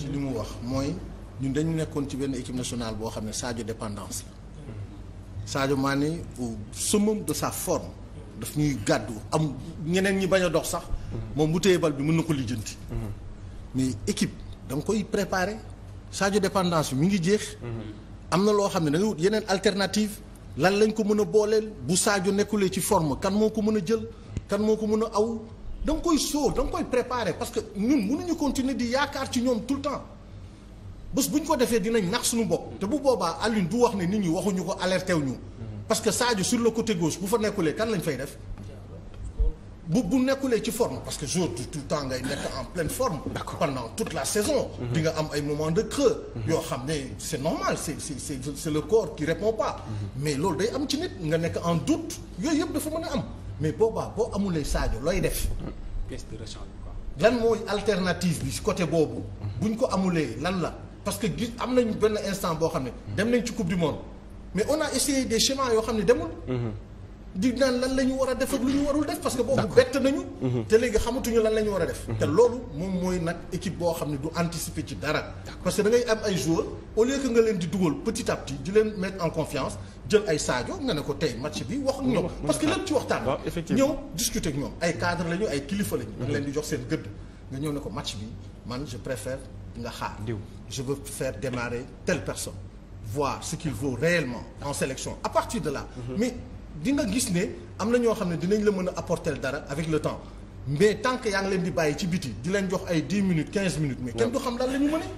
ci li mu wax mooy ñun dañu nekkoon ci benn équipe nationale boo xam ne Sadio dépendance la Sadio Mané au summum de sa forme daf ñuy gàddu am ñeneen ñi bañ a dox sax moom bu téye bal bi mën na ko lijjanti mais équipe da nga koy préparer Sadio dépendance bi mi ngi jeex am na loo xam ne da nga wut yeneen alternative lan lañ ko mën a booleel bu Sadio nekkulee ci forme kan moo ko mën a jël kan moo ko mën a aw da nga koy sóor da nga koy préparer parce que ñun mënuñu continuer di yaakaar ci ñoom tout le temps bu ñu ko defee dinañ nax suñu bopp. te bu boobaa Alioune du wax ne nit ñi waxuñu ko alerté wuñu parce que Sadio sur le côté gauche bu fa nekkulee kan lañ fay def. bu bu nekkulee ci forme parce que jour tout le temps ngay nekk en pleine forme. d'accord pendant toute la saison. Mhm. di am ay moments de creux. Mhm. yoo xam ne c'est normal c'est c'est c'est c'est le corps qui répond pas. Mhm. mais loolu day am ci nit nga nekk en doute yooyu yëpp dafa mën a am. mais boobaa boo amulee Sadio looy def. pièce de rechange quoi. lan mooy alternative bi si côté boobu. buñ ko amulee lan la parce que gis am nañ benn instant boo xam ne. dem nañ ci coupe du monde mais on a essayé des chemins yoo xam ne demul. Mm-hmm. di naan lan la ñu war a def ak lu ñu warul def parce que boobu bett nañu mm-hmm. te léegi xamatuñu lan la ñu war a def mm-hmm. te loolu moom mooy nag équipe boo xam ne du anticiper ci dara parce que da ngay am ay joueurs au lieu que nga leen di dugal petit à leen mettre en jël ay Sadio nga ne ko tey match bi wax ak ñoom parce que lépp ci waxtaan ñëw discuter ak ñoom ay cadre lañu ay kilifa lañu mhm. da nga leen di jox seen gëdd nga ñëw ne ko match bi man je préfère nga xaar je veux faire démarrer telle personne voir ce qu'il vaut réellement en sélection à partir de là mhm. mais di gis ne am na ñoo xam ne dinañ la mën a apporter dara avec le temps mais tant que yaa ngi leen di bàyyi ci biti di leen jox ay dix minutes quinze minutes xam lan